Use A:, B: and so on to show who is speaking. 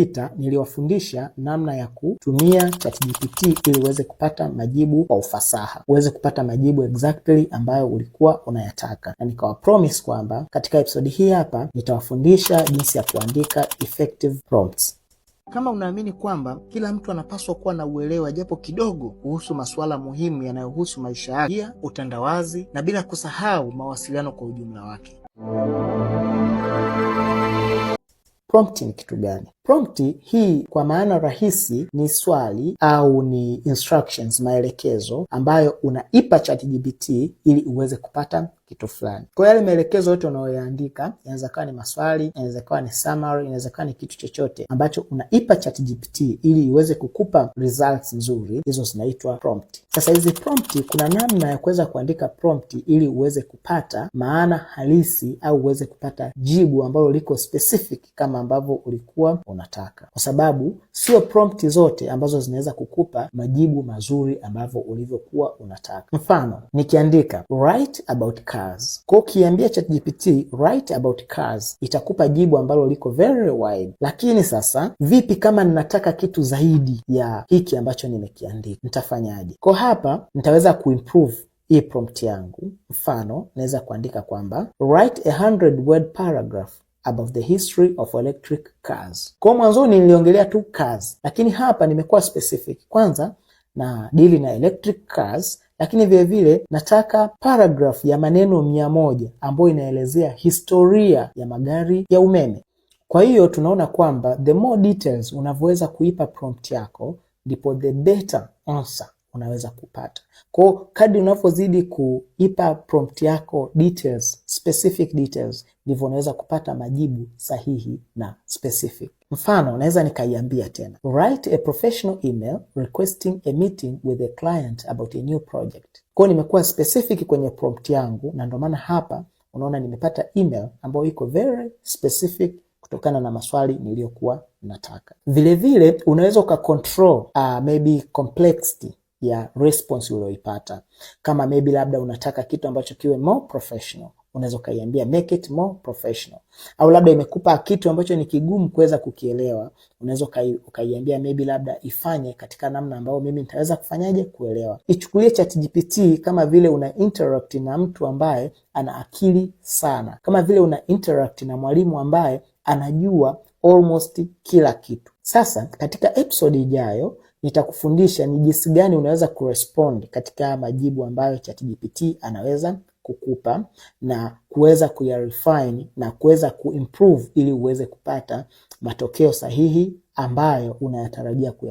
A: iliyopita niliwafundisha namna ya kutumia ChatGPT ili uweze kupata majibu kwa ufasaha, uweze kupata majibu exactly ambayo ulikuwa unayataka, na nikawa promise kwamba katika episodi hii hapa nitawafundisha jinsi ya kuandika effective prompts.
B: Kama unaamini kwamba kila mtu anapaswa kuwa na uelewa japo kidogo kuhusu masuala muhimu yanayohusu maisha yake, pia utandawazi, na bila kusahau mawasiliano kwa ujumla wake.
A: Prompti ni kitu gani? Prompti hii kwa maana rahisi ni swali au ni instructions, maelekezo ambayo unaipa ChatGPT ili uweze kupata kitu fulani. Kwa yale maelekezo yote unayoyaandika, inaweza kuwa ni maswali, inaweza kuwa ni summary, inaweza kuwa ni kitu chochote ambacho unaipa ChatGPT ili iweze kukupa results nzuri, hizo zinaitwa prompt. Sasa hizi prompt, kuna namna ya kuweza kuandika prompt ili uweze kupata maana halisi au uweze kupata jibu ambalo liko specific kama ambavyo ulikuwa una unataka, kwa sababu sio prompti zote ambazo zinaweza kukupa majibu mazuri ambavyo ulivyokuwa unataka. Mfano, nikiandika write about cars, kwa ukiambia ChatGPT write about cars itakupa jibu ambalo liko very wide. Lakini sasa vipi kama ninataka kitu zaidi ya hiki ambacho nimekiandika, nitafanyaje? Kwa hapa nitaweza kuimprove hii prompt yangu. Mfano, naweza kuandika kwamba write a hundred word paragraph about the history of electric cars. Kwa mwanzoni niliongelea tu cars, lakini hapa nimekuwa specific. Kwanza na dili na electric cars, lakini vilevile nataka paragraph ya maneno mia moja ambayo inaelezea historia ya magari ya umeme. Kwa hiyo tunaona kwamba the more details unavyoweza kuipa prompt yako ndipo the better answer unaweza kupata. Kwa hiyo kadri unavyozidi kuipa prompt yako details, specific details, ndivyo unaweza kupata majibu sahihi na specific. Mfano, naweza nikaiambia tena, write a professional email requesting a meeting with a client about a new project. Kwa hiyo nimekuwa specific kwenye prompt yangu, na ndio maana hapa unaona nimepata email ambayo iko very specific kutokana na maswali niliyokuwa nataka. Vilevile unaweza uka uh, maybe complexity ya response ulioipata. Kama maybe labda unataka kitu ambacho kiwe more professional, unaweza ukaiambia make it more professional. Au labda imekupa kitu ambacho ni kigumu kuweza kukielewa, unaweza ukaiambia maybe labda ifanye katika namna ambayo mimi nitaweza kufanyaje kuelewa. Ichukulie ChatGPT kama vile una interact na mtu ambaye ana akili sana, kama vile una interact na mwalimu ambaye anajua almost kila kitu. Sasa katika episode ijayo nitakufundisha ni jinsi gani unaweza kurespond katika majibu ambayo ChatGPT anaweza kukupa na kuweza kuyarefine na kuweza kuimprove ili uweze kupata matokeo sahihi ambayo unayatarajia kuyapata.